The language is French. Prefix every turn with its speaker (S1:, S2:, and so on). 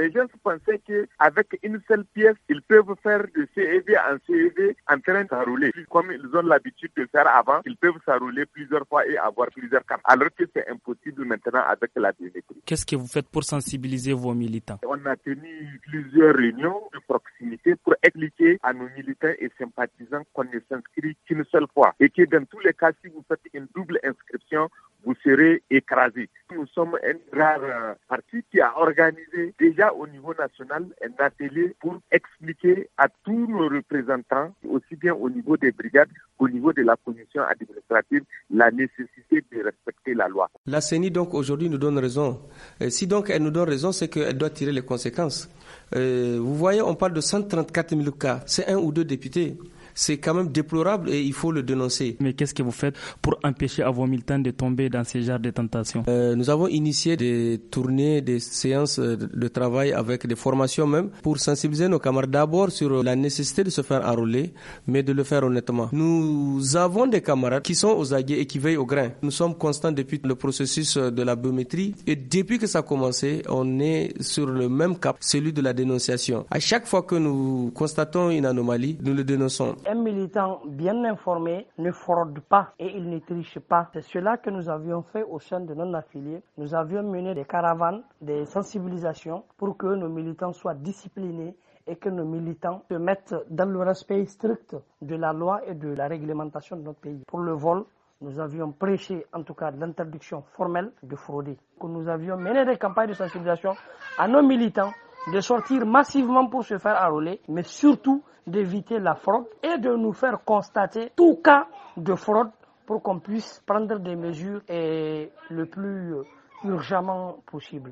S1: Les gens pensaient qu'avec une seule pièce, ils peuvent faire de CEV en CEV en train de rouler. Comme ils ont l'habitude de faire avant, ils peuvent s'enrouler plusieurs fois et avoir plusieurs cartes. Alors que c'est impossible maintenant avec la biométrie.
S2: Qu'est-ce que vous faites pour sensibiliser vos militants
S1: On a tenu plusieurs réunions de proximité pour expliquer à nos militants et sympathisants qu'on ne s'inscrit qu'une seule fois et que dans tous les cas, si vous faites une double inscription, vous serez écrasé. Nous sommes un rare euh, parti qui a organisé déjà au niveau national un atelier pour expliquer à tous nos représentants, aussi bien au niveau des brigades qu'au niveau de la commission administrative, la nécessité de respecter la loi.
S2: La CENI donc aujourd'hui nous donne raison. Euh, si donc elle nous donne raison, c'est qu'elle doit tirer les conséquences. Euh, vous voyez, on parle de 134 000 cas. C'est un ou deux députés c'est quand même déplorable et il faut le dénoncer. Mais qu'est-ce que vous faites pour empêcher à vos militants de tomber dans ces genres de tentations euh, Nous avons initié des tournées, des séances euh, de travail avec des formations même pour sensibiliser nos camarades d'abord sur la nécessité de se faire enrôler, mais de le faire honnêtement. Nous avons des camarades qui sont aux aguets et qui veillent au grain. Nous sommes constants depuis le processus euh, de la biométrie et depuis que ça a commencé, on est sur le même cap, celui de la dénonciation. À chaque fois que nous constatons une anomalie, nous le dénonçons.
S3: Un militant bien informé ne fraude pas et il ne triche pas. C'est cela que nous avions fait au sein de nos affiliés. Nous avions mené des caravanes, des sensibilisations pour que nos militants soient disciplinés et que nos militants se mettent dans le respect strict de la loi et de la réglementation de notre pays. Pour le vol, nous avions prêché en tout cas l'interdiction formelle de frauder. Nous avions mené des campagnes de sensibilisation à nos militants de sortir massivement pour se faire enrôler, mais surtout d'éviter la fraude et de nous faire constater tout cas de fraude pour qu'on puisse prendre des mesures et le plus euh, urgemment possible.